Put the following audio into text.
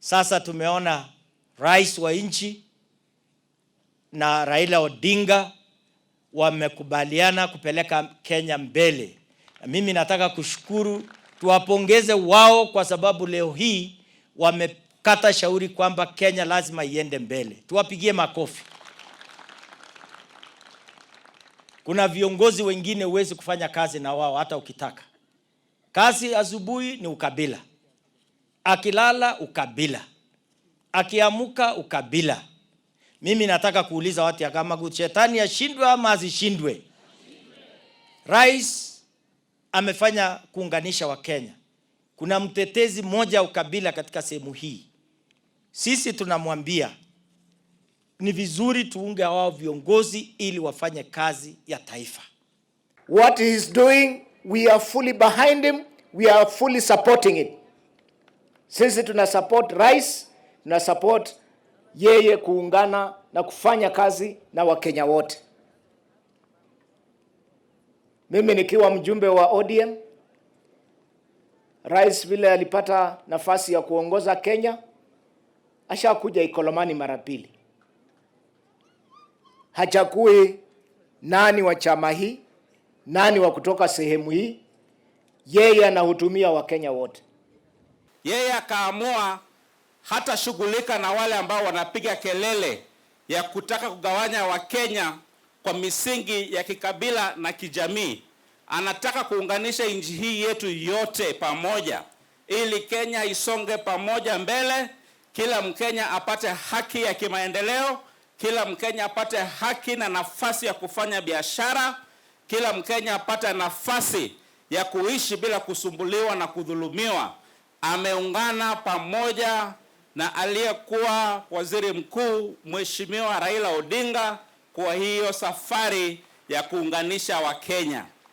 Sasa tumeona rais wa nchi na Raila Odinga wamekubaliana kupeleka Kenya mbele, na mimi nataka kushukuru, tuwapongeze wao kwa sababu leo hii wamekata shauri kwamba Kenya lazima iende mbele. Tuwapigie makofi. Kuna viongozi wengine huwezi kufanya kazi na wao hata ukitaka. Kazi asubuhi ni ukabila, akilala ukabila, akiamuka ukabila. Mimi nataka kuuliza watu ya kama shetani ashindwe ama azishindwe? Rais amefanya kuunganisha Wakenya. Kuna mtetezi mmoja ukabila katika sehemu hii, sisi tunamwambia ni vizuri tuunge hao viongozi ili wafanye kazi ya taifa. What he is doing we are fully behind him, we are fully supporting it. Sisi tuna support rais, tuna support yeye kuungana na kufanya kazi na Wakenya wote. Mimi nikiwa mjumbe wa ODM, rais vile alipata nafasi ya kuongoza Kenya, ashakuja Ikolomani mara pili hachakui nani wa chama hii, nani wa kutoka sehemu hii, yeye anahutumia Wakenya wote. Yeye akaamua hatashughulika na wale ambao wanapiga kelele ya kutaka kugawanya Wakenya kwa misingi ya kikabila na kijamii. Anataka kuunganisha nchi hii yetu yote pamoja ili Kenya isonge pamoja mbele, kila Mkenya apate haki ya kimaendeleo kila Mkenya apate haki na nafasi ya kufanya biashara, kila Mkenya apate nafasi ya kuishi bila kusumbuliwa na kudhulumiwa. Ameungana pamoja na aliyekuwa waziri mkuu Mheshimiwa Raila Odinga kwa hiyo safari ya kuunganisha Wakenya.